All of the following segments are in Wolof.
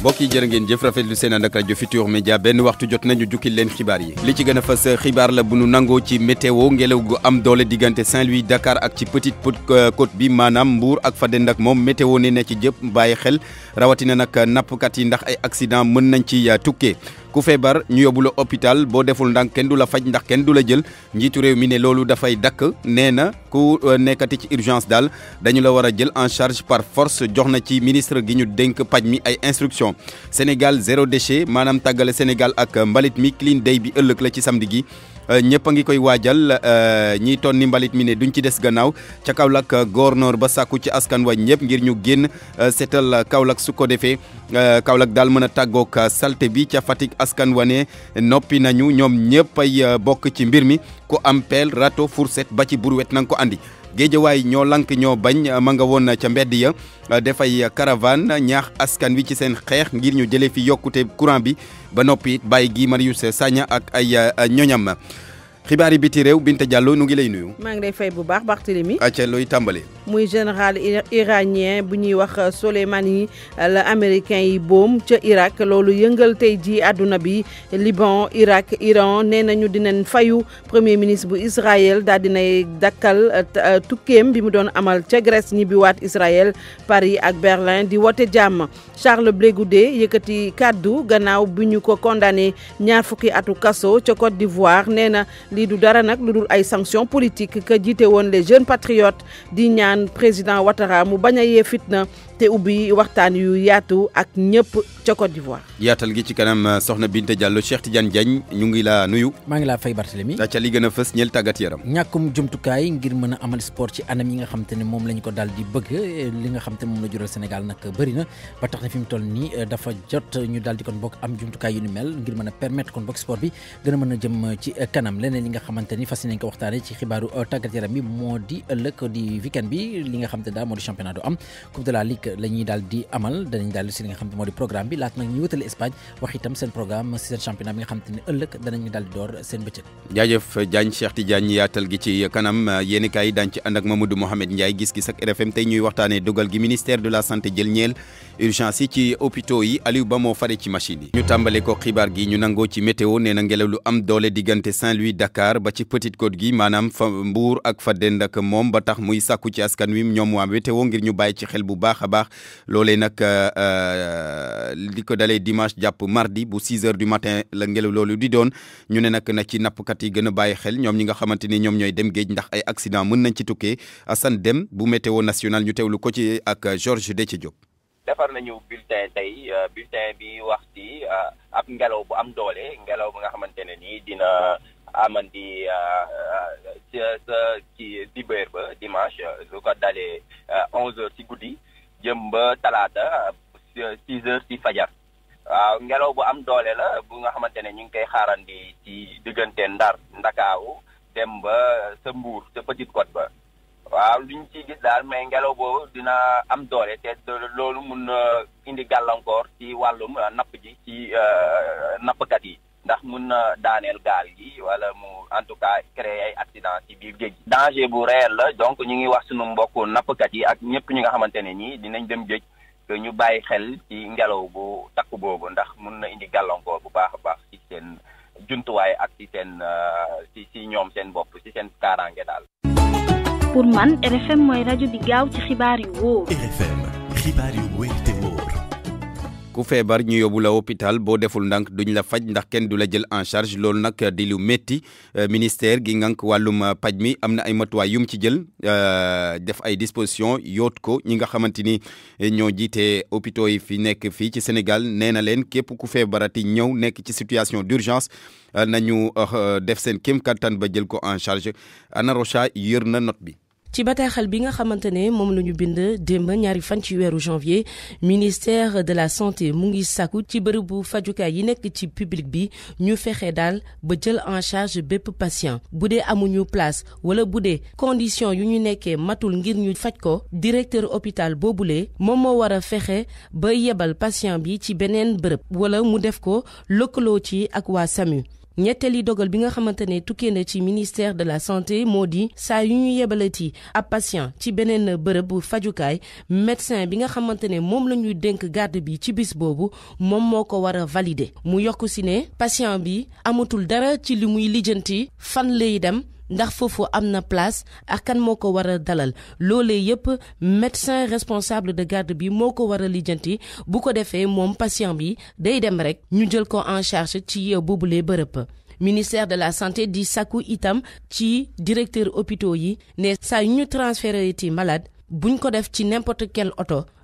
mbokk yi jërë ngeen jëf rafetlu seen ànd ak rajo Futur Media benn waxtu jot nañu jukkil leen xibaar yi li ci gën a fas xibaar la bu nu nangoo ci météo ngelaw gu am doole diggante Saint-Louis Dakar ak ci Petite euh, Côte bi maanaam Mbour ak fa dend ak moom météo ne na ci jëpp bàyyi xel rawatina nag nappkat yi ndax ay accident mën nañ ci euh, tukkee ku febar ñu yobul hôpital deful ndànk Mine, la faj ndax jël mi dafay fay Nena, na ku euh, ci urgence Dal, dañu la en charge par force joxna ministre gi ñu Padmi paj mi ay instruction Sénégal zéro déchet Madame Tagale, Sénégal ak mbalit mi clean day bi ëllëg la samedi Euh, ñëpp a ngi koy waajal euh, ñiy tonni mbalit mi ne duñ ci des gannaaw ca Kaolack euh, gornoor ba sàkku ci askan wa ñëpp ngir ñu génn seetal Kaolack su ko defee Kaolack daal mën a tàggoog salte bi ca Fatick askan wa ne noppi nañu ñoom ñëpp ay bokk ci mbir mi ku ampel peel râteau fourchette ba ci brouette na nga ko andi. géejawaay ñoo lank ñoo bañ ma nga woon ca mbedd ya dafay caravane ñaax askan wi ci seen xeex ngir ñu jëlee fi yokkute courant bi ba noppi it bàyyi gi Marius Sagna ak ay ñoñam xibaar yi biti réew binte Diallo nu ngi lay nuyu. maa ngi lay fay bu baax Barthélemy. acca looy tàmbali. muy général iranien bu ñuy wax euh, Soleimani la américain yi boom ca Irak loolu yëngal tey jii àdduna bi Liban Irak Iran nee nañu dinañ fayu premier ministre bu Israël daal dinay dakkal euh, euh, tukkeem bi mu doon amal ca Grèce ñibbiwaat Israël Paris ak Berlin di wote jàmm. Charles Blé Goudé yëkkati kàddu gannaaw bi ñu ko condamné ñaar fukki atu kaso ca Côte d'Ivoire nee na lii du dara nag lu dul ay sanctions politiques que jiite woon les jeunes patriotes di ñaan président Ouattara mu bañ a yee fitna te ubbi waxtaan yu yaatu ak ñëpp ca Côte d'Ivoire. yaatal gi ci kanam euh, soxna Binta Diallo Cheikh Tidiane jañ ñu ngi laa nuyu. maa ngi laa fay Barthélemy. ca li gën a fës ñeel tàggat yaram. ñàkkum jumtukaay ngir mën a amal sport ci anam yi nga xam ne moom lañu ko daal di bëgg li nga xam te ne moom la jural Sénégal nag bëri na ba tax na fi mu toll nii euh, dafa jot ñu daal di kon bokk am jumtukaay yu ni mel ngir mën a permettre kon bokk sport bi gën a mën a jëm euh, ci kanam leneen li nga xamante ni fas nañ ko waxtaane ci xibaaru tàggat yaram bi moo di ëllëg di bi li nga xam te daal moo du am la ñuy daal di amal danañ daal si li nga xam te moo di programme bi laata nag ñu wëtale Espagne wax itam seen programme si seen championnat bi seen yaatal gi ci kanam yéeni kaay daan ci ànd ak Mamadou Mohamed Ndiaye gis-gis ak RFM tey ñuy waxtaanee dogal gi ministère de la santé jël ñeel urgence yi ci hôpitaux yi Aliou Ba moo fare ci machine yi ñu tàmbale ko xibaar gi ñu nangoo ci météo nee na ngelaw lu am doole diggante Saint-Louis dakaar ba ci Petite Côte gi maanaam fa Mbour ak fa dend ak moom ba tax muy sàkku ci askan wi ñoom waa météo ngir ñu bàyyi ci xel bu baax a baax Dakar loolee nag liko dalé dimanche jàpp mardi bu 6 h du matin la ngel lolou di doon ñu ne nag na ci nap kat yi gëna baye xel ñom ñi nga xamanteni ñom ñoy dem géej ndax ay accident mën nañ ci tukkee Assane Dem bu météo national ñu tewlu ko ci ak Georges Déthié Diop. defar nañu bulletin tay bulletin bi wax ci ab ngelaw bu am doole ngelaw bi nga xamante ne dina. amandi ci sa ci dibéer ba dimanche lu ko dalé 11h ci goudi jëm ba talaata euh, six heures ci fajar waaw ngelaw bu am doole la bu nga xamante ne ñu ngi koy xaarandi ci diggante ndar ndakaawu dem ba euh, sa mbuur sa Petite Côte ba waaw lu ñu ciy gis daal mais ngelaw boobu dina am doole te loolu mun a euh, indi gàllankoor ci wàllum napp ji ci nappkat yi ndax mun na daaneel gaal gi wala mu en tout cas créer ay accident ci biir géej gi danger bu réel la donc ñu ngi wax sunu mbokku nappkat yi ak ñëpp ñi nga xamante ne nii dinañ dem géej que ñu bàyyi xel ci ngelaw bu takk boobu ndax mun na indi gàllankoor bu baax a baax ci seen jumtuwaay ak ci seen euh, ci ci ñoom seen bopp ci seen kaaraange daal. pour man RFM mooy rajo bi gaaw ci xibaar yu wóor. ku feebar ñu yóbbu la hôpital boo deful ndank duñ la faj ndax kenn du la jël en charge loolu nag di lu métti euh, ministère gi ngank wàllum euh, paj mi am na ay matuwaay yum ci jël euh, def ay disposition yoot ko ñi nga xamante ni ñoo jiite hôpitaux yi fi nekk fii ci Sénégal nee na leen képp ku feebarati ñëw nekk ci situation d'urgence nañu def seen kéem kattan ba jël ko en charge Ana Rocha yër na note bi ci bataaxal bi nga xamante ne moom la ñu janvier ministère de la santé mu ngi sàkku ci bërëbu fajukaay yi public bi ñu fexe daal en charge bépp patient boudé place wala boudé condition yu ñu matul ngir ñu directeur hôpital bobule moom moo war a patient bi ci beneen bërëb wala mu def SAMU ñetteeli dogal bi nga xamante ne tukkee na ci ministère de la santé moo di saa yu ñu yebalati ab patient ci beneen bërëb bu fajukaay médecin bi nga xamante ne moom la ñuy dénk gàdd bi ci bis boobu moom moo ko war a valider mu yokk si ne patient bi amatul dara ci li muy lijjanti fan lay dem ndax foofu am place ak kan moo ko dalal loolee yep médecin responsable de garde bi moko ko war a lijjanti bu ko defee patient bi day dem rek ñu jël ko en charge ci boobulee bërëb ministère de la santé di Saku itam ci directeur hôpitaux yi ne saa ñu transféré malade buñ ko def ci n'importe quel oto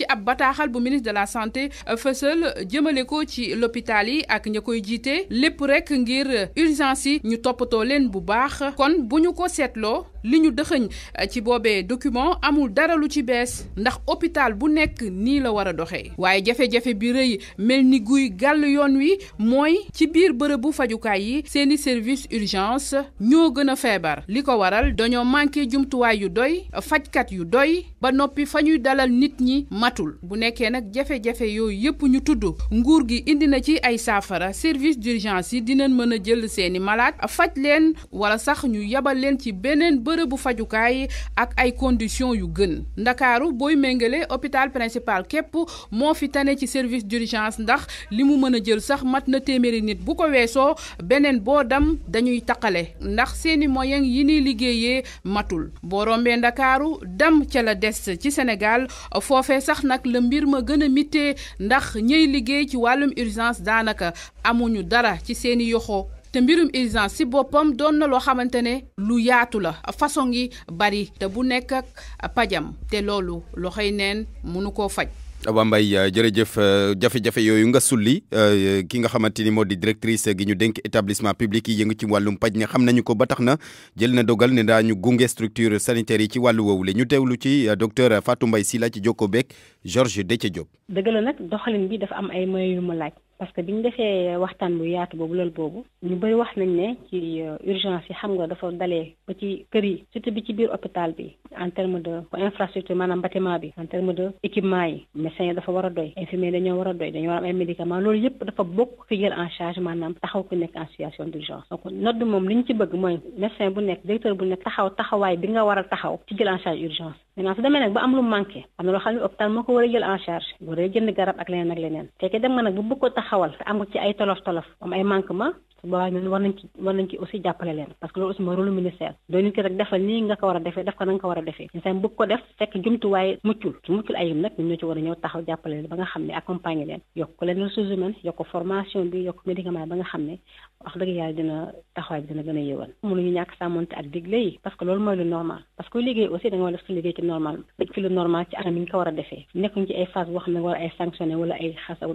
ci ab bataaxal bu ministre de la santé euh, fësal jëmale ko ci l'hôpital yi ak ña koy jiite lépp rek ngir urgence yi ñu toppatoo leen bu baax kon bu ñu ko seetloo li ñu dëxëñ euh, ci boobee document amul dara lu ci bees ndax hôpital bu nekk nii la war a doxee waaye jafe-jafe bi rëy mel ni guy gàll yoon wi mooy ci biir bërëbu fajukaay yi seeni service urgence ñoo gën a feebar li ko waral dañoo manqué jumtuwaay yu doy fajkat yu doy ba noppi fa ñuy dalal nit ñi matul bu nekkee nag jafe-jafe yooyu yëpp ñu tudd nguur gi indi na ci ay saafara service d'urgence yi dinañ mën a jël seeni malaat faj leen wala sax ñu yabal leen ci beneen bërëbu fajukaay ak ay conditions yu gën ndakaaru booy méngale hôpital principal képp moo fi tane ci service d'urgence ndax li mu mën a jël sax mat na téeméeri nit bu ko weesoo beneen boo dam dañuy taqale ndax seeni moyen yi ñuy liggéeyee matul boo rombee ndakaaru dam ca la des ci Sénégal nag la mbir ma gën a mittee ndax ñëy liggéey ci wàllum urgence daanaka amuñu dara ci seeni yoxo te mbirum urgence si boppam doon na loo xamante ne lu yaatu la façon yi bari te bu nekk ak pajam te loolu loxoy neen mënu koo faj Awa Mbaye euh, jërëjëf euh, jafe-jafe yooyu nga sulli euh, ki nga xamante ni moo di directrice gi ñu denk établissement public yi yëngu ci wàllum paj ne xam nañu ko ba tax na jël na dogal ne ñu gunge structure sanitaire yi ci wàllu woowu le ñu teewlu ci docteur Fatou Mbaye Sylla ci jokko beeg Georges Déthié Diop. dëgg la nag doxalin bi dafa am ay moyens yu mu laaj. parce que bi ñu defee waxtaan bu yaatu bobu lol bobu ñu bari wax nañ ne ci urgence yi xam nga dafa dalé ba ci kër yi surtout bi ci biir hôpital bi en terme de infrastructure manam bâtiment bi en terme de équipement yi médecin yi dafa war a doy infirmier dañoo war a doy dañoo war am ay médicaments loolu yëpp dafa bokk fi jël en charge manam taxaw ku nekk en situation d'urgence donc nodd moom liñ ci bëgg mooy médecin bu nekk directeur bu nekk taxaw taxawaay bi nga war a taxaw ci jël en charge urgence maintenant su demee ba am lu manqué am na loo xam ne hôpital moo ko war a jël en charge boo dee jënd garab ak leneen ak leneen fekkee dem nga nag bu bëgg ko taxawal te am ci ay tolof tolof am ay ma waaw ñun war nañ ci war nañ ci aussi jàppale leen parce que loolu mooy lu normal parce que liggéey aussi da nga def sa liggéey ci normal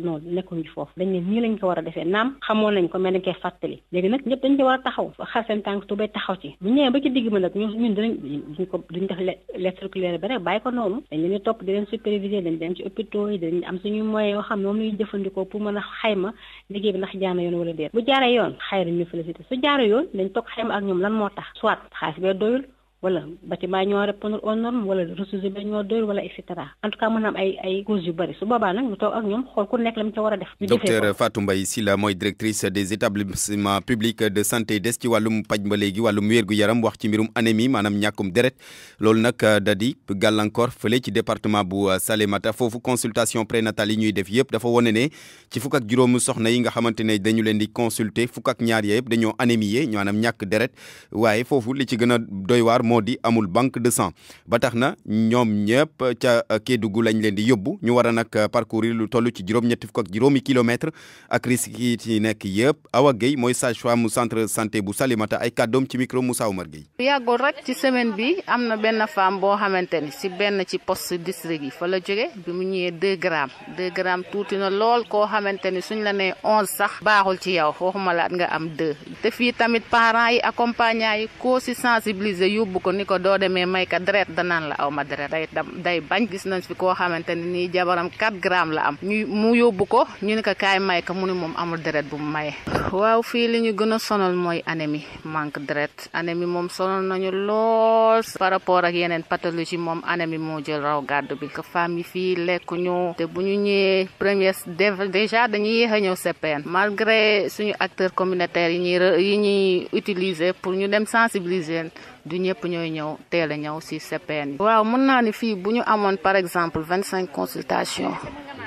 dëj nekkuñ ci foofu nii lañ ko war a defee naam xamoon nañ ko mais dañ koy fàtt fàttali léegi nag ñëpp dañ ci war a taxaw xar seen tànk tubay taxaw ci bu ñëwee ba ci digg ma nag ñun ñun dinañ duñ ko duñ def lettre circulaire bi rek bàyyi ko noonu dañ leen topp di leen superviser dañ ci hôpitaux yi dañ am suñu moyens yoo xam moom lañuy jëfandikoo pour mën a xayma liggéey bi ndax jaar yoon wala déet bu jaaree yoon xayri ñu félicité su jaaree yoon dañ toog xayma ak ñoom lan moo tax soit xaalis bee doyul wala bâtiment yi ñoo répondre aux normes wala ressources humaines ñoo doyul wala et cetera en tout cas mën am ay ay causes yu bari su boobaa nag ñu toog ak ñoom xool ku nekk lam ci ca war a def. docteur Fatou Mbaye Sylla mooy directrice des établissements publics de santé des ci wàllum paj ba léegi wàllum wér-gu-yaram wax ci mbirum anémie maanaam ñàkkum deret loolu nag euh, da di gàllankoor fële ci département bu euh, Salemata foofu consultation prénatale yi ñuy def yëpp dafa wone ne ci fukk ak juróomu soxna yi nga xamante ne dañu leen di consulter fukk ak ñaar yëpp dañoo anémie maanaam ñàkk deret waaye foofu li ci gën a doy waar moo di amul banque de sang ba tax na ñoom ñëpp ca Kédougou lañ leen di yóbbu ñu war a nag parcourir lu toll ci juróom-ñetti fukk ak juróomi kilomètre ak risque yi ci nekk yëpp Awa Gueye mooy sage-femme mu centre santé bu Salimata ay kàddoom ci micro Moussa Oumar Gueye. yàggul rek ci semaine bi am na benn femme boo xamante ni si benn ci poste district yi fa la jóge bi mu ñëwee 2 grammes 2 grammes tuuti na lool koo xamante ni suñ la nee 11 sax baaxul ci yaw waxuma laat nga am 2 te ko ni ko doo demee may ka deret danaan la aw ma deret day day bañ gis nañ fi koo xamante ne nii jabaram 4 grammes la am ñu mu yóbbu ko ñu ni ko kaay may ka mu ni moom amul deret bu mu maye waaw fii li ñu gën a sonal mooy anémie manque deret anémie moom sonal nañu lool par rapport ak yeneen pathologie moom anémie moo jël raw gàddu bi ko femme yi fii ñu te bu ñu ñëwee première déjà dañuy yéex a ñëw CPN malgré suñu acteur communautaires yi ñuy yi ñuy utiliser pour ñu dem sensibiliser du ñëpp ñooy ñëw teel a ñëw si CPN waaw mën naa ni fii bu ñu amoon par exemple vingt cinq consultations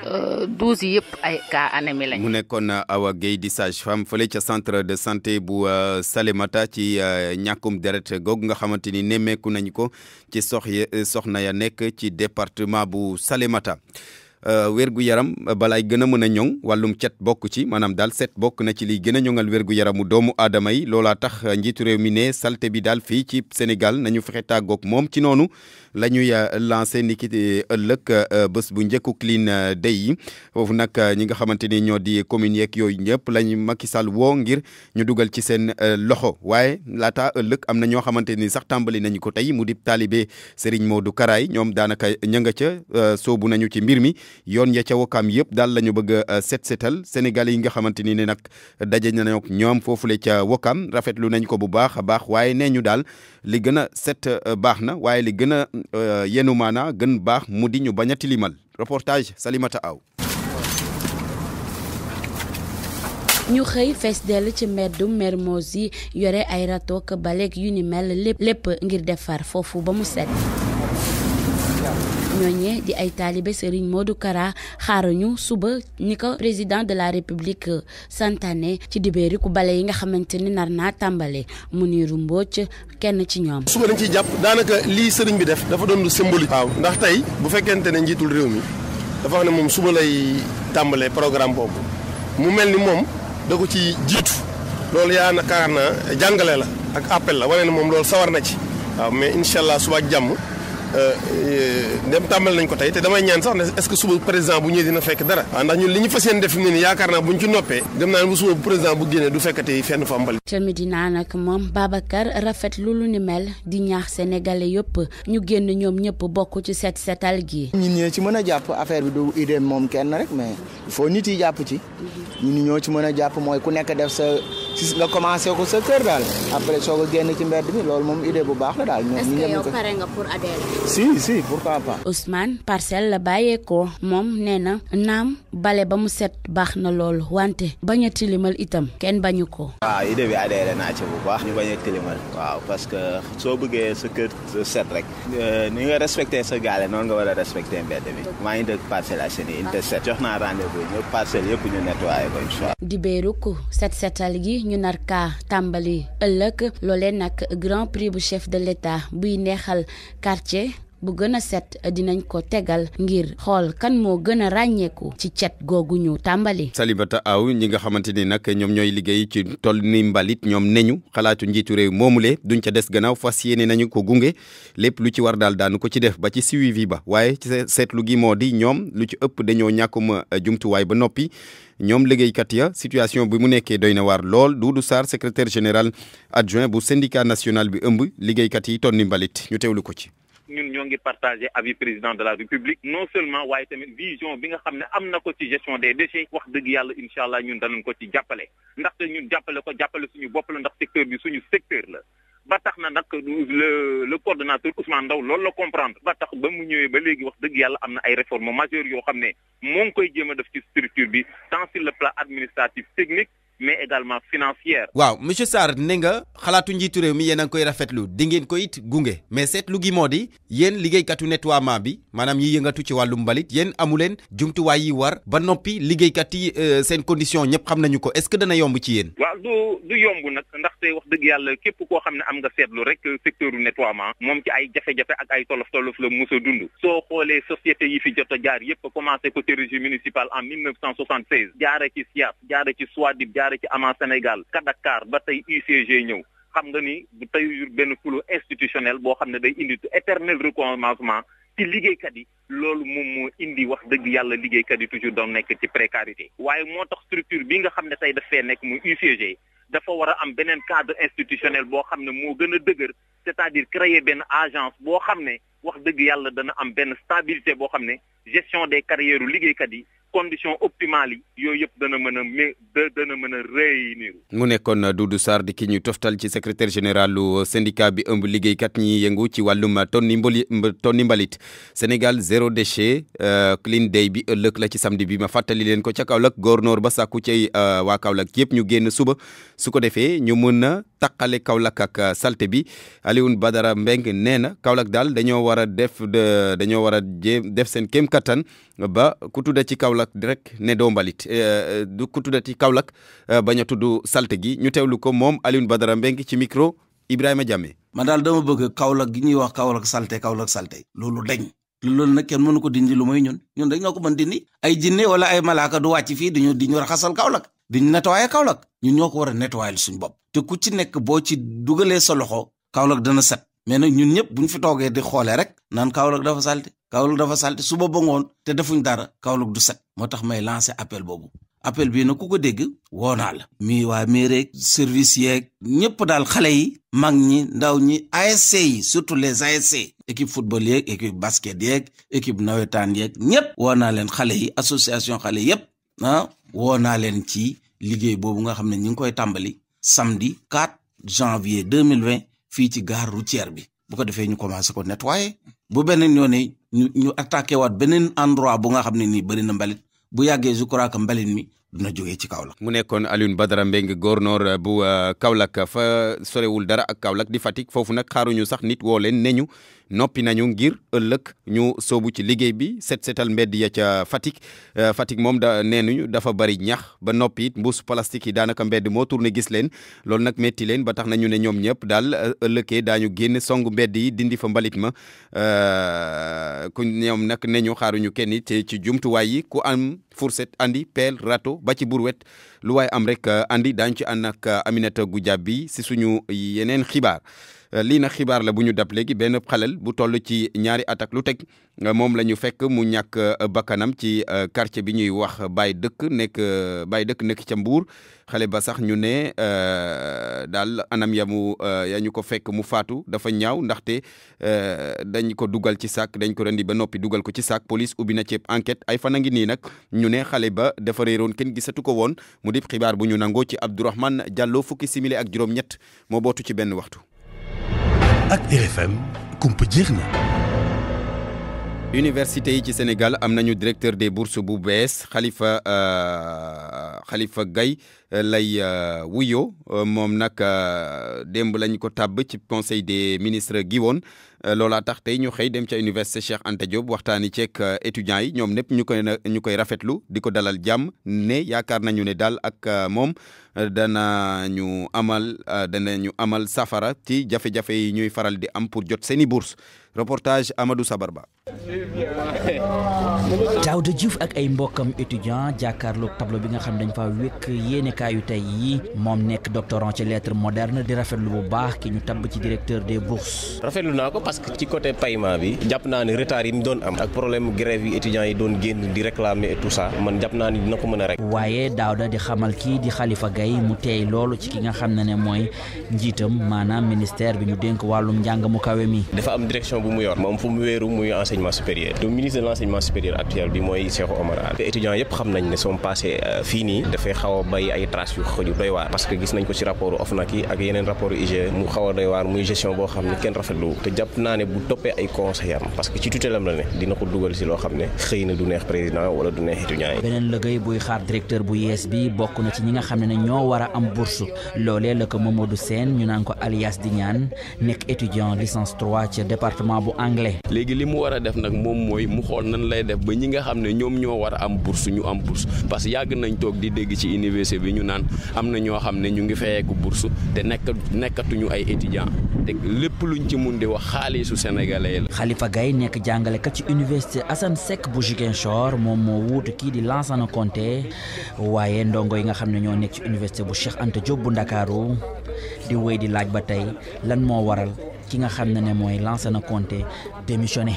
euh, douze yi yëpp ay cas anémie lañ. mu nekkoon Awa Guèye di sage femme fële ca centre de santé bu euh, salimata ci euh, ñàkkum deret googu nga xamante ni nemmeeku nañu ko ci sox soxna ya nekk ci département bu salimata Euh, wér gu yaram euh, balaay gën a mën a ñoŋ wàllum cet bokk ci maanaam daal set bokk na ci liy gën a ñoŋal wér yaramu doomu aadama yi loolaa tax euh, njiitu réew mi ne salte bi daal fii ci Sénégal nañu fexe tàggoog moom ci noonu la ñuy euh, lancé ni ki euh, ëllëg euh, bés bu njëkku clean day yi foofu nag ñi nga xamante ni ñoo di communes yeeg yooyu ñëpp la ñu Macky Sall woo ngir ñu dugal ci seen loxo waaye laata ëllëg am na ñoo xamante ni sax tàmbali nañu ko tey mu di taalibe Serigne Modou Karaay ñoom daanaka ña nga ca soobu nañu ci mbir mi yoon ya ca wakaam yëpp daal la ñu bëgg a set setal Sénégalais yi nga xamante ni ne nag daje nañoo ñoom foofule ca wakaam rafetlu nañ ko bu baax a baax waaye nee ñu daal li gën a set baax na Euh, yenu maana gën baax mu di ñu bañ a tilimal reportage xëy fesdel ci mbeddum Mermoz yore ay ratook baleeg yu ni mel lépp ngir defar foofu ba mu set ñooñee di ay taalibe Serigne Modou Kara ñu suba ni ko président de la république santaane ci dibéeri ku bale yi nga xamante ni nar naa tàmbale mu niiru mbooc kenn ci ñoom. suba dañ ci jàpp daanaka lii sëriñ bi def dafa doon lu symbolique. waaw ndax tey bu fekkente ne njiitul réew mi dafa wax ne moom suba lay tàmbalee programme boobu mu mel ni moom da ko ci jiitu loolu yaa nakaar jàngale la ak appel la wane ne moom loolu sawar na ci waaw mais incha allah suba ak Euh, euh, dem tàmbali nañ ko tey te damay ñaan sax ne est-ce que suba président bu ñëwee dina fekk dara waaw ah ndax ñun li ñu fas yéene def fi mu yaakaar naa buñ ci noppee gëm naa ne bu suba bu président bu génnee du fekkatee fenn fa mbali ca Medina nag moom Babacar rafet lu lu ni mel di ñaax sénégalais yëpp ñu génn ñoom ñëpp bokk ci set setal gi ñun ñoo ci mën a jàpp affaire bi du idée moom kenn rek mais il nit yi jàpp ci mhm. ñun ñoo ci mën a jàpp mooy ku nekk def sa si commencé ko sa kër daal après soo ko génn ci mbedd loolu moom idée bu baax la daal. ñoom ñu yow pare nga pour adhérer. si pourquoi pas. la bàyyeekoo moom nee na naam bale ba mu set baax na loolu wante bañ a tilimal itam kenn bañu ko. waaw idée bi adhéré naa ci bu baax. ñu bañ a tilimal. waaw parce que soo bëggee sa kër set rek. Euh, ni nga respecté sa gaale noonu nga war a respecté mbedd mi. maa ngi dëkk Parcelles Assainies unité 7. jox naa rendez-vous ñëpp parcelles yëpp ñu nettoyé ko incha ko set setal gi. ñu nar kaa tàmbali ëllëg loolee nag grand prix bu chef de l'État buy neexal quartier bu gën a set dinañ ko tegal ngir xool kan moo gën a ràññeeku ci cet googu ñu tàmbali. Salibata Aw ñi nga xamante ni nag ñoom ñooy liggéey ci toll ni mbalit ñoom neñu xalaatu njiitu réew moomule duñ ca des gannaaw fas yéene nañu ko gunge lépp lu ci war daal daanu ko ci def ba ci suivi ba waaye ci seetlu gi moo di ñoom lu ci ëpp dañoo ñàkkuma jumtuwaay ba noppi. ñoom liggéeykat ya situation bi mu nekkee doyna war waar lool Doudou sar secrétaire général adjoint bu syndicat national bi ëmb kat yi tonni mbalit ñu teewlu ko ci. ñun ñoo ngi partager avis président de la république non seulement waaye tamit vision bi nga xam ne am na ko ci gestion des déchets wax dëgg yàlla incha allah ñun danañ ko ci jàppale ndaxte ñun jàppale ko jàppale suñu bopp la ndax secteur bi suñu secteur la ba tax na nag le le coordonnateur Ousmane Ndaw loolu la comprendre ba tax ba mu ñëwee ba léegi wax dëgg yàlla am na ay réformes majeures yoo xam ne moo ngi koy jéem a def ci structure bi tant sur le plan administratif technique mais également financière. waaw monsieur Sarr Nenga, nga xalaatu njiitu réew mi yéen koy rafetlu di ngeen ko it gunge mais cette lugi modi yen yéen katou nettoiement bi manam yi yëngatu ci walum balit, yéen amulen leen jumtuwaay yi war ba noppi kat yi euh, sen condition ñep xam nañu ko est-ce que dana yomb ci yen? waaw du du yomb ndax ndaxte wax deug Yalla képp ko xam am nga seetlu rek secteur du nettoiement moom ci ay jafé jafé ak ay tolof tolof le musso dundu. So xolé société yi fi jot jaar yëpp commencé côté régie municipal en 1976 Jaaré ci SIAP jaaré ci SOADIP ñaari ci Sénégal ka Dakar ba tey UCG ñëw xam nga ni tey benn flou institutionnel boo xam ne day indi éternel recommencement ci liggéeykat yi loolu moom moo indi wax dëgg yàlla liggéeykat yi toujours doon nekk ci précarité waaye moo tax structure bi nga xam ne tey daf fee nekk muy UCG dafa war a am beneen cadre institutionnel boo xam ne moo gën a dëgër c'est-à-dire créer benn agence boo xam ne wax dëgg yàlla dana am benn stabilité boo xam gestion des carrières liggéeykat yi condition optimale yi yooyu yëpp dana mën a mais dana mën a réunir. mu nekkoon Doudou Sarr di ki ñu toftal ci secrétaire général lu syndicat bi ëmb kat ñi yëngu ci wàllum tonni mbali tonni mbalit Sénégal zéro déchet euh, clean day bi ëllëg la ci samedi bi ma fàttali leen ko ca Kaolack góornoor ba sàkku cay euh, waa Kaolack yëpp ñu génn suba su ko defee ñu mën a taqale Kaolack ak euh, salte bi Alioune Badara Mbengue nee na Kaolack daal dañoo war a def dañoo war a jéem def seen kéem kattan ba ku tudda ci Kaolack rek ne doo mbalit eh, eh, du ko tuddati Kaolack eh, bañ a tudd salte gi ñu teewlu ko moom Alioune Badara Mbengue ci micro Ibrahima Diame. man daal dama bëgg Kaolack gi ñuy wax Kaolack salte Kaolack salte loolu dañ. loolu nag kenn mënu ko dindi lu mooy ñun ñun dañ ñoo ko mën dindi ay jinne wala ay malaaka du wàcc fii diñu diñu raxasal Kaolack diñu nettoyé Kaolack ñun ñoo ko war a nettoyé suñu bopp te ku ci bo boo ci dugalee sa loxo Kaolack dana set mais nag ñun ñëpp bu ñu fi toogee di xoolee rek naan Kaolack dafa salte Kaolack dafa salte suba ba ngoon te defuñ dara Kaolack du set moo tax may lancer appel boobu appel bii nag ku ko dégg woo naa la. mii waa mairie service yeeg ñëpp daal xale yi mag ñi ndaw ñi ASC surtout les ASC équipe football yeeg équipe basket yeeg équipe nawetaan yeeg ñëpp. woo naa leen xale yi association xale yëpp ah woo naa leen ci liggéey boobu nga xam ne ñu ngi koy tàmbali samedi 4 janvier 2020 fii ci gar routière bi bu ko defee ñu commencé ko nettoyer bu beneen yoo ne ñu ñu attaqué waat beneen endroit bu nga xam ne nii bëri na mbalit bu yàggee je crois que mbalit mi dina jógee ci Kaolack. mu nekkoon Alioune Badara Mbengue gouverneur bu euh, Kaolack fa sorewul dara ak Kaolack di Fatick foofu nag xaaruñu sax nit woo leen ñu noppi nañu ngir ëllëg ñu soobu ci liggéey bi set setal mbedd ya ca Fatick euh, Fatick moom da nee nañu dafa bari ñax ba noppi it mbuus plastique yi daanaka mbedd moo tourné gis leen loolu nag metti leen ba tax na ñu ne ñoom ñëpp daal euh, ëllëgee daañu génn song mbedd yi dindi fa mbalit ma euh, ku ñoom nag ne ñu xaaruñu kenn it ci jumtuwaay yi ku am fourchette andi pel râteau ba ci brouette lu waaye am rek euh, andi daañu ci ànd ak euh, Aminata Goudiaby si suñu yeneen xibaar euh, lii nag xibaar la bu ñu dab léegi benn xalel bu toll ci ñaari attaque lu teg moom la ñu fekk mu ñàkk bakkanam ci quartier bi ñuy wax Baye Dëkk nekk Baye Dëkk nekk ca Mbuur xale ba sax ñu ne daal anam ya mu ya ñu ko fekk mu faatu dafa ñaaw ndaxte dañ ko dugal ci saak dañ ko rendi ba noppi dugal ko ci saak police ubbi na ceeb enquête ay fan a ngi nii nag ñu ne xale ba dafa réeroon kenn gisatu ko woon mu dib xibaar bu ñu nangoo ci Abdourahmane Diallo fukki simili ak juróom-ñett moo bootu ci benn waxtu. ak RFM kumpa jeex na. université yi ci Sénégal am nañu directeur des bourses bu bees Khalifa euh, Khalifa Gaye euh, lay euh, wuyoo moom nag démb lañ ko tàbb ci conseil des ministres gi woon Euh, loolaa tax tey ñu xëy dem ca université Cheikh Anta Diop waxtaani ceek euh, étudiants yi ñoom ñëpp ñu koy ñu koy rafetlu di ko dalal jàmm ne yaakaar nañu ne daal ak euh, moom dana ñu amal dana ñu amal safara ci jafe-jafe yi ñuy faral di am pour jot seeni bourse reportage Amadou Sabar Ba Daouda Diouf ak ay mbokkam étudiant jàkkaarloog tableau bi nga xam dañ fa wékk yéenekaayu tey yi moom nekk doctorant ci lettres moderne di rafetlu bu baax ki ñu tabb ci directeur de bourses rafetlu parce que ci côté paiement bi jàpp naa ne retard yi mu doon am ak problème grève yi étudiants yi doon génn di réclamer et man jàpp naa ne dina ko mën waaye Daouda xamal kii di Khalifa Gaye mu teey loolu ci ki nga xam ne ne mooy njiitam maanaam ministère bi ñu dénk wàllum njàng mu kawe mi dafa am direction bu mu yor moom fu mu wéeru muy enseignement supérieur donc ministre de l' enseignement supérieur bi mooy Cheikh Omar Anne te étudiants yëpp xam nañ ne soom passé euh, fii nii dafay xaw a bay ay traces yu xëju doy waar parce que gis nañ ko ci rapport OFNAC yi ak yeneen rapport e boo xam ne kenn rafetlu te jàpp naa ne bu toppee ay conseil am parce que ci tutelam la ne dina ko dugal si loo xam ne xëy na du neex président wala du neex étudiant yi. beneen liggéey buy xaar directeur bu yees bi bokk na ci ñi nga xam ne ñoo war a am bourse loolee la ko Mamadou seen ñu naan ko alias di ñaan nekk étudiant licence 3 ci département bu anglais. léegi li mu war a def nag moom mooy mu xool nan lay def ba ñi nga xam ne ñoom ñoo war a am bourse ñu am bourse parce que yàgg nañ toog di dégg ci université bi ñu naan am na ñoo xam ne ñu ngi feyeeku bourse te nekk nekkatuñu ay étudiant dëgg lépp luñ ci mun di wax xaalisu sénégalais xalifa gay Gaye nekk jàngalekat ci université Assane Seck bu Ziguinchor moom moo wuutu kii di Lansana Conté waaye ndongo yi nga xam ne ñoo nekk ci université bu Cheikh ante jóg bu Ndakaaru di wéy di laaj ba tey lan moo waral ki nga xam ne ne mooy Lansana Conté démissionné.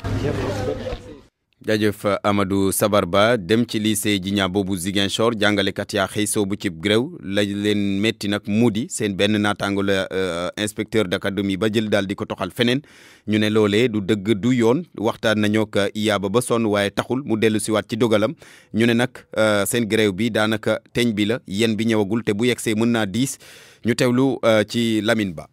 jaajëf amadu Sabar Ba dem ci lycée boobu bu Ziguinchor jàngalekat ya xëy soobu cib gréew la leen métti nag mu di seen benn naataango la euh, inspecteur d'académie ba jël daal di ko toxal feneen ñu ne loolee du dëgg du yoon waxtaan nañoo ko iyaaba ba sonn waaye taxul mu dellu siwaat ci dogalam ñu ne nag euh, seen gréew bi daanaka teñ bi la yéen bi ñëwagul te bu see mën naa diis ñu teewlu euh, ci Lamine Ba.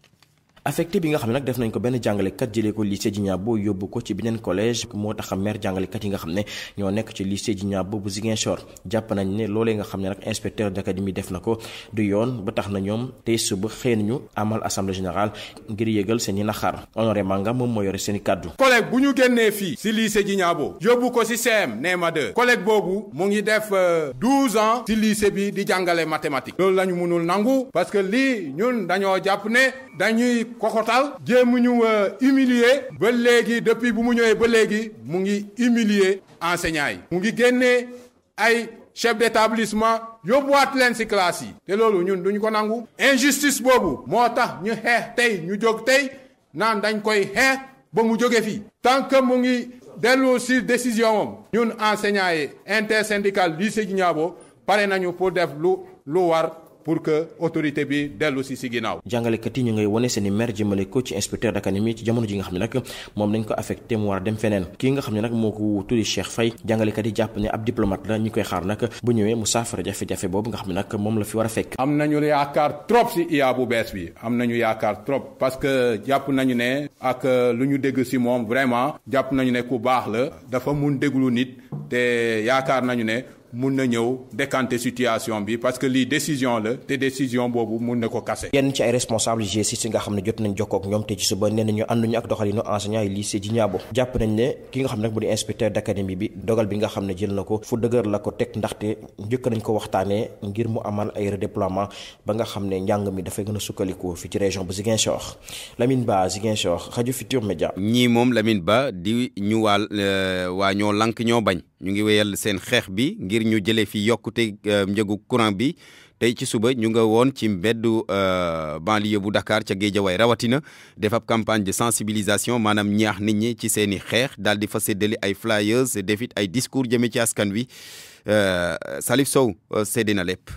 affecté bi nga xam nak def nañ ko ben jangale kat jëlee ko lycée Djignabo yobbu ko ci beneen collège mo tax mer kat yi nga xam ne ñoo nekk ci lycée Djignabo bu Ziguinchor japp nañ ne lolé nga xam nak inspecteur d'académie def nako du yoon ba tax na ñom tey suba xëy amal assemblée générale ngir yëgal seen i naxar honoré Manga mom mo yoré seen cadeau collègue bu ñu génnee fii si lycée Djignabo yobbu ko ci CM Néma 2 collègue bobu mo ngi def 12 euh, ans ci lycée bi di jangale mathématique loolu lañu mënul nangu parce que li ñun dañoo japp ne dañuy kokotal jéemuñu euh, humilier ba léegi depuis bu mu ñëwee ba léegi mu ngi humilier enseignants yi mu ngi génnee ay chef d'établissement yóbbuwaat leen ci classe yi te loolu ñun duñ ko nangu injustice boobu moo tax ñu xeex tey ñu jóg tey naan dañ koy xeex ba mu jóge fii tant que mu ngi dellu ci décision am ñun enseignants yi intersyndical lycée Djignabo pare nañu pour def lu lu war pour que autorité bi dellu si si ginnaaw. jàngalekat yi ñu ngay wone seen i mer ko ci inspecteur d'académie ci jamono ji nga xam ne nag moom dañ ko affecté mu war a dem feneen kii nga xam ne nag ko tuddi Cheikh Faye jàngalekat yi jàpp ne ab diplomate la ñu koy xaar nag bu mu saafara jafe-jafe boobu nga xam nag moom la fi war a fekk. am nañu yaakaar trop si IA bu bees bi am nañu yaakaar trop parce que jàpp nañu ne ak euh, lu ñu dégg si moom vraiment jàpp nañu ne ku baax la dafa mun déglu nit te yaakaar nañu ne. mun na ñëw décanter situation bi parce que lii décision la te décision boobu mun na ko kase. yenn ci ay responsable G6 nga xam ne jot nañ jokkoo ñoom te ci suba nee nañu ànduñu ak doxalinu enseignant yi lycée Djignabo jàpp nañ ne ki nga xam ne nag bu di inspecteur d'académie bi dogal bi nga xam ne jël na ko fu dëgër la ko teg ndaxte njëkk nañ ko waxtaanee ngir mu amal ay redéploiement ba nga xam ne njàng mi dafay gën a sukkandiku fi ci région bu Ziguinchor Lamine Ba Ziguinchor rajo Futur Média. ñii moom Lamine Ba di ñu euh, waa waa lank ñoo bañ. ñu ngi wéyal seen xeex bi ngir ñu jëlee fi yokkute euh, njëgu courant bi tey ci suba ñu nga woon ci mbeddu euh, banlieue bu Dakar a Guédiawaye rawatina def ab campagne de sensibilisation maanaam ñaax nit ñi ci seen i xeex daal di fa séddale ay flyers defit ay discours jëme ci askan wi euh, Salif Sow séddina lépp.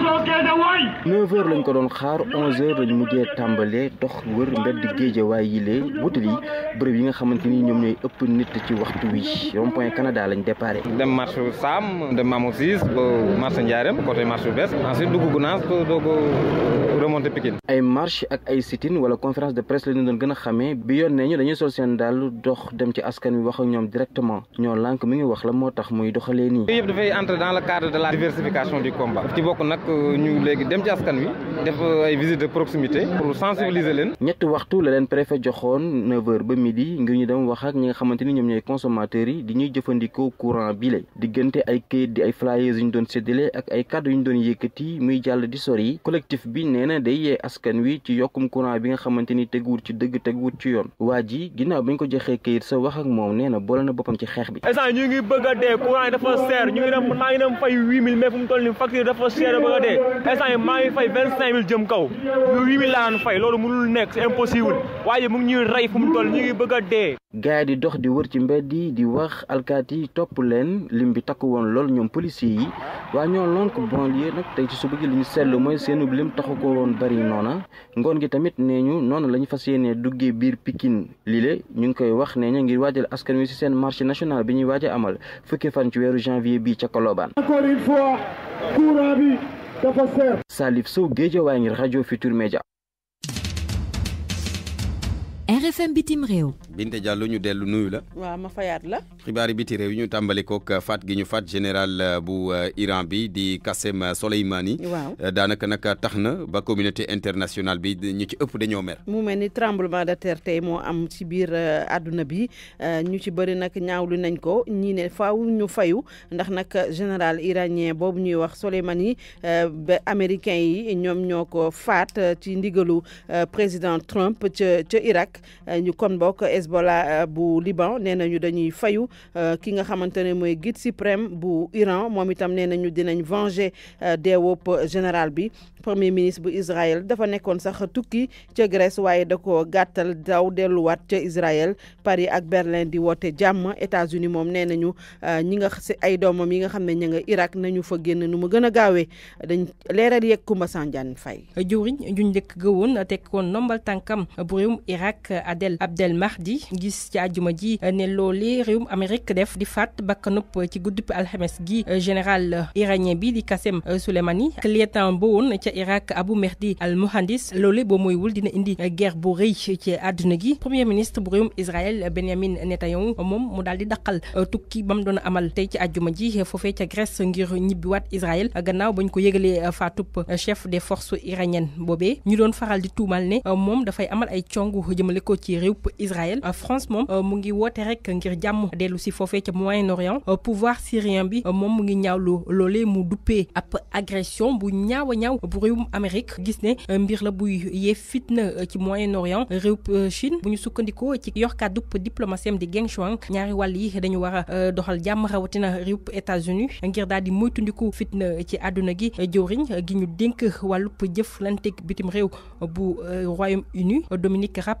9 h lañ ko doon xaar 11 h lañ mujjee tàmbalee dox wër mbedd géejawaay yi lee wutali bërëb yi nga xamante ni ñoom ñooy ëpp nit ci waxtu wi rond point Canada lañ déparé. dem marché Sam dem Mamou Ciss ba marché Ndiarème côté marché Bes ensuite dugg Gounass doog a remonté Pikine. ay marche ak ay sit wala conférence de presse la ñu doon gën a xamee bi yoon ne ñu dañuy sol seen daal dox dem ci askan wi wax ak ñoom directement ñoo lànk mi ngi wax la moo tax muy doxalee nii. yëpp dafay entrer dans le cadre de la diversification du combat ci bokk nag ñu léegi dem ci askan wi def ay visite de proximité pour sensibiliser leen. ñetti waxtu la leen préfet joxoon 9h ba midi ngir ñu dem wax ak ñi nga xamante ni ñoom ñooy consommateurs yi di ñuy jëfandikoo courant bi la diggante ay kayit di ay flyers yu ñu doon séddale ak ay kàddu yu ñu doon yëkkati muy jàll di sori collectif bi nee na day yee askan wi ci yokkum courant bi nga xamante ni teguwul ci dëgg teguwul ci yoon. waa ji ginnaaw bi ñu ko joxee kayit sa wax ak moom nee na boole na boppam ci xeex bi. wootee instant yi maa ngi fay vingt cinq mille jëm kaw huit mille laa fay loolu mënul nekk c'est impossible waaye mu ngi ñuy rey fu mu toll ñu ngi bëgg a dee. gaay di dox di wër ci mbedd yi di wax alkaati yi topp leen lim bi takk woon lool ñoom policiers yi waa ñoo lonk banlieue nag tey ci suba gi li ñu seetlu mooy seenub lim taxu ko woon bari noona ngoon gi tamit nee ñu noonu la ñu fas yéenee duggee biir pikin lile ñu ngi koy wax nee ñu ngir waajal askan wi ci seen marché national bi ñuy waaj a amal fan ci weeru janvier bii ca Colobane. encore dafa seer Salif Sow Guédiawaye ngir rajo Futur Media RFM bitim réew. Binte Diallo ñu dellu nuyu la. waaw ma fayaat la. xibaari biti réew ñu tàmbali kook faat gi ñu faat général euh, bu euh, Iran bi di Kasem Soleimani. waaw euh, daanaka nag tax na ba communauté internationale bi ñu ci ëpp dañoo mer. mu mel ni tremblement de terre tey moo am ci biir àdduna bi ñu ci bëri nag ñaawlu nañ ko ñii ne faaw ñu fayu ndax nag général iranien boobu ñuy wax Soleimani ba américain yi ñoom ñoo ko faat ci ndigalu président Trump ca ca Irak. Euh, ñu kon bokk Hezbollah euh, bu Liban nee nañu dañuy fayu euh, ki nga xamante ne mooy guide suprême bu Iran moom itam nee nañu dinañ venger deewop général bi premier ministre bu Israël dafa nekkoon sax tukki ca Grèce waaye da ko gàttal daw delluwaat ca Israël Paris ak Berlin di woote jàmm États-Unis moom nee nañu ñi nga ay doomam yi nga xam ne ña nga Irak nañu fa génn nu mu gën a gaawee dañ leeral yeeg Koumba Sandiane fay jëwriñ juñ dëkk gëwoon teg nombal ndombal tànkam bu réewum Irak Adel Abdel Mahdi gis ci aljuma ji eh, ne l'olé Amérique def di Fat Bakanop eh, ci guddub alxames gi eh, général iranien bi di Kassem Soleimani ak lieutenant ba ci Irak Abu Merdi al Mohandis l'olé moy wul dina indi guerre bu reuy ci gi premier ministre bu Israël Benjamin Netanyahu mom mu daldi dakal tukki ba amal tay ci aljuma ji fofé ci Grèce ngir Israël gannaaw bañ ko yëgalee chef des forces iraniennes bobé ñu doon faral di né ne da dafay amal ay congu ci réew Israël euh, France Mom euh, mu ngi woote rek ngir jàmm dellu si Moyen-Orient euh, pouvoir syrien bi moom mu ngi ñaawlu loolee mu duppee ab agression bu ñaaw a ñaaw bu Amérique gis ne mbir la buy ci Moyen-Orient réew Chine bu ñu sukkandikoo ci yor kàddu diplomatiem di Geng Shuang ñaari wàll yi dañu war doxal jàmm rawatina États-Unis ngir daal di moytundiku fitna ci àdduna gi jëwriñ gi ñu dénk wàllub bitim réew bu Royaume-Uni Dominique rap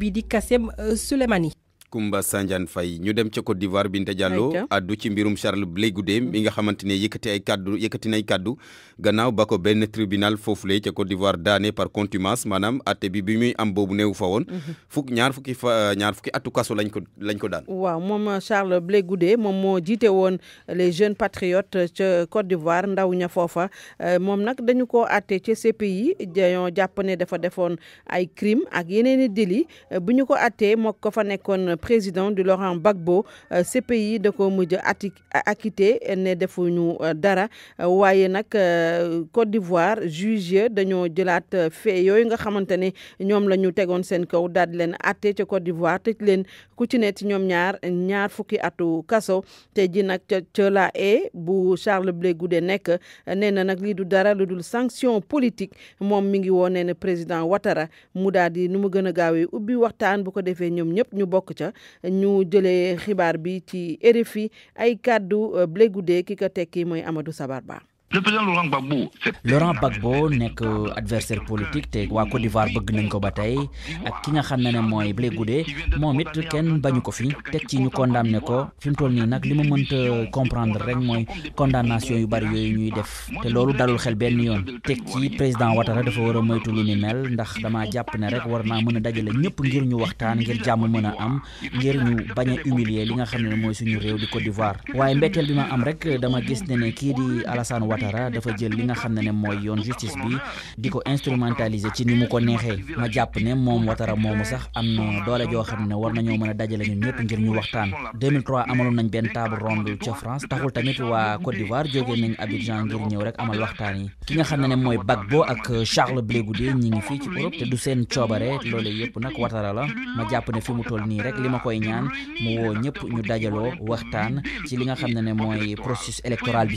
bii di Kassem euh, Souleymani Kumba Sandiane Faye ñu dem ca Côte d'Ivoire Binta Diallo addu ci mbirum Charles Blé Goudé mi nga xamante ne yëkkati ay kaddu yëkkati nay kaddu gannaaw ba ko benn tribunal foofule ca Côte d'Ivoire daane par contumace maanaam atte bi bi muy am boobu néew fa woon mhm. fukk ñaar fukki fa euh, ñaar lañ ko daan waaw moom Charles Blé Goudé moom moo jiite woon les jeunes patriotes ca Côte d'Ivoire ndaw ña foofa euh, moom nag dañu ko atte ca CPI dañoo jàpp ne defoon président de Laurent Gbagbo euh, CPI pays ko mujj acquitté ne euh, dara euh, Côte d'Ivoire juge de jëlat fait yoy nga ñom lañu la kaw daal leen Côte d'Ivoire leen ku ci ñaar ñaar fukki atu kasso té ji la bu Charles Blé Goudé nek na du dara lu sanction politique Mom mi ngi président Ouattara mu daal di numu waxtaan bu ko na ñu jëlee xibaar bi ci fi ay kàddu euh, Blé Goudé ki ko tekki mooy Amadou Sabar Ba le président Laurent Gbagbo Laurent Gbagbo adversaire politique te wa Côte d'Ivoire bëgg nañ ko batay ak ki nga xamné né moy Blé Goudé momit it kenn bañu ko fi teg ci ñu condamné ko fim toll nii nag mënta comprendre rek moy condamnation yu bari yoy ñuy def te lolu dalul xel ben yoon teg ci président Ouattara dafa wara moytu lu ni mel ndax dama japp né rek war mëna mën ñëpp ngir ñu waxtaan ngir jamm mëna am ngir ñu bañ humilier li nga xamné moy suñu réew di Côte d'Ivoire waaye mbetteel bi am rek dama gis né ne di Alassane Ouattara dafa jël li nga xam ne ne mooy yoon justice bi di ko instrumentaliser ci ni mu ko neexee ma jàpp ne moom Ouattara moomu sax am na doole joo xam ne war nañoo mën a dajale ñun ñëpp ngir ñu waxtaan 2003 amaloon nañ benn table ronde ca France taxul tamit waa Côte d'Ivoire jógee nañ Abidjan ngir ñëw rek amal waxtaan yi ki nga xam ne ne mooy Gbagbo ak Charles Blé Goudé ñi ngi fii ci Europe te du seen coobare loolu yëpp nag Ouattara la ma jàpp ne fi mu toll nii rek li ma koy ñaan mu woo ñëpp ñu dajaloo waxtaan ci li nga xam ne ne mooy processus électoral bi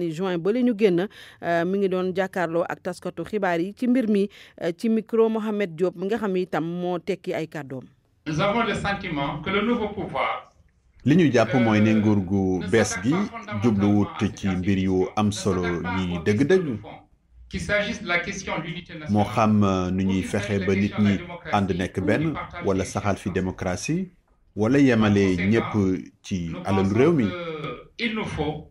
ni juin ba la ñu génn euh, mi ngi doon jàkkaarloo ak taskatu xibaar yi ci mbir mi euh, ci micro Mohamed Diop mi nga xam itam moo tekki ay kàddoom. Nous avons sentiment que le nouveau pouvoir. li ñu jàpp mooy ne euh, nguur gu bees gi jubluwut ci mbir yu am solo yi dëgg-dëgg moo xam nu ñuy fexe ba nit ñi ànd nekk benn wala saxal fi démocratie wala yemale ñépp ci alalu réew mi il nous faut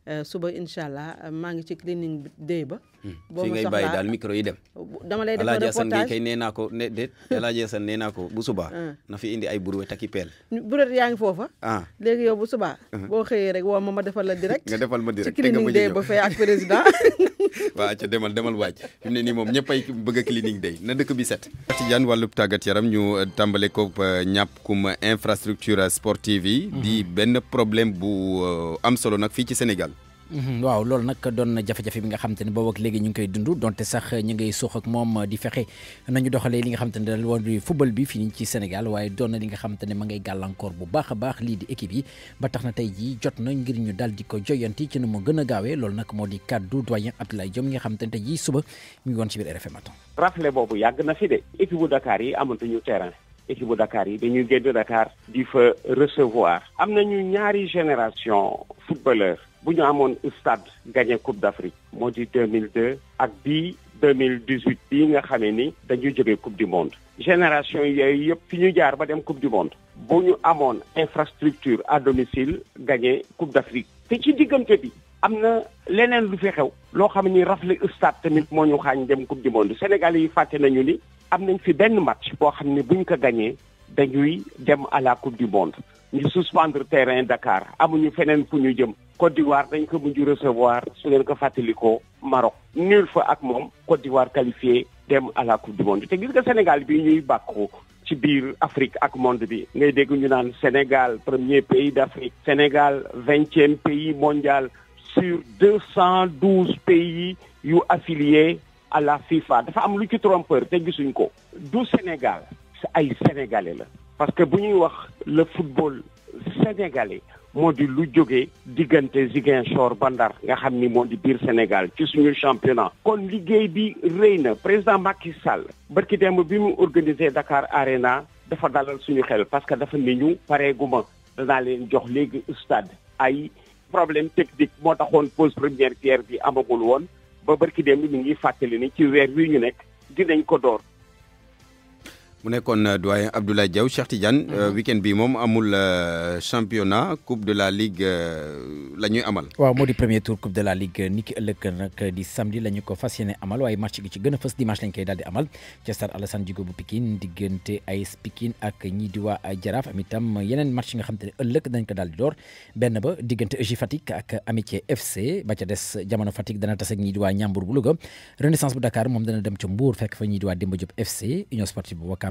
Euh, suba incha allah euh, maa ngi ci clinique day ba. Hmm. boo ma soxlaa fii ngay bàyyi daal micro yi dem. dama lay def reportage Alaaji nee naa ko ne déet hmm. Alaaji nee naa ko bu subaa. Hmm. na fi indi ay brouette takki peel. foofa. ah léegi yow bu boo xëyee rek woo ma ma defal la nga defal ma direct ci clinique day ba fee ak président. waaw ca demal demal waaj fi mu ne nii moom ñëppay bëgg a clinique day na dëkk bi set. Tidiane wàllub tàggat yaram ñu euh, tàmbale ko ñàkkum infrastructure sportive yi. di benn problème bu am solo nag fii ci Sénégal. Mhm, waaw loolu nag doon na jafe-jafe bi nga xam te ne boobu ak léegi ñu ngi koy dund donte sax ñu ngay suux ak moom di fexe nañu doxalee li nga xam te ne dal woon di football bi fii ci Sénégal waaye doon na li nga xam te ne ma ngay gàllankoor bu baax a baax lii di équipe yi ba tax na tey jii jot na ngir ñu daal di ko joyanti ci nu mu gën a gaawee loolu nag moo di kàddu doyen Abdoulaye Diop nga xam te ne tey jii suba mu ngi woon ci biir RFM Matin rafle boobu yàgg na fi de équipe bu Dakar génération bu ñu amoon stade gagné coupe d'Afrique moo di 2002 ak bii 2018 bii nga xamee ni dañu jógee coupe du monde génération yooyu yëpp fi ñu jaar ba dem coupe du monde bu ñu infrastructure à domicile gagné coupe d'Afrique te ci diggante bi am na leneen lu fi xew loo xam ni rafle stade tamit moo ñu xaañ dem coupe du monde Sénégal yi fàtte nañu ni am nañ fi benn match boo xam ne ko gagné dañuy dem à la coupe du monde ñu suspendre terrain Dakar amuñu feneen fu ñu jëm Côte d'Ivoire dañ ko mujj recevoir su ngeen ko fàttalikoo Maroc nul fa ak moom Côte d'Ivoire qualifié dem à la coupe du monde te gis nga Sénégal bi ñuy bàkku ci biir Afrique ak monde bi ngay dégg ñu naan Sénégal premier pays d'Afrique Sénégal vingtième pays mondial sur deux cent douze pays yu affilié à la FIFA dafa am lu ci trompeur te gisuñ ko du Sénégal ay sénégalais la parce que bu ñuy wax le football sénégalais moo di lu jógee diggante Ziguin Chor Bandar nga xam ni moo di biir Sénégal ci suñu championnat kon liggéey bi rëy président Macky Sall barki démb bi mu organisé Dakar Arena dafa dalal suñu xel parce que dafa ni ñu pareeguma danaa leen jox léegi stade ay problème technique moo taxoon pose première pierre bi amagul woon ba barki démb mi ngi fàttali ni ci weer wi ñu nekk dinañ ko door mu nekkoon euh, doyen Abdoulaye Diaw Cheikh Tidiane. Euh, mhm. weekend bi moom amul euh, championnat coupe de la ligue la amal. waaw moo di premier tour coupe de la ligue Niki ki ëllëg nag di samedi la ko fas amal waaye match gi ci gën a dimanche lañ koy amal ca Alassane Djigo bu Pikine diggante AS Pikine ak ñii di waa Jaraaf match yi nga xam te ne dañ ko daal di door ba ak Amitié FC ba ca Fatik dans Fatick dana tase ak ñii di Renaissance de Dakar moom dana dem ca Mbour fekk fa ñii di Demba FC Union Sportive bu Wakam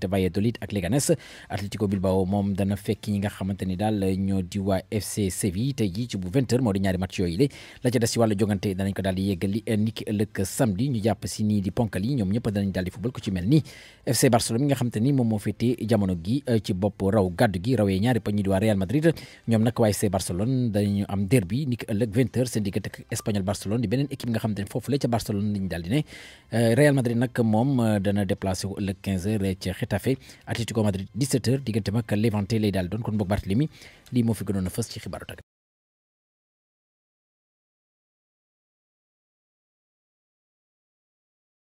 diggante FC Séville nii nga xamante moom moo féetee jamono gi eh, ci bopp raw gàddu gi rawee ñaari pañ ñi Real Madrid ñoom eh, moom eh, dana déplacé ëllëg 15h ci Getafe Atlético Madrid 17h digganteem ak Levante lay daal doon kon boog Barthélemy lii moo fi gënoon a fës ci xibaaru tàggat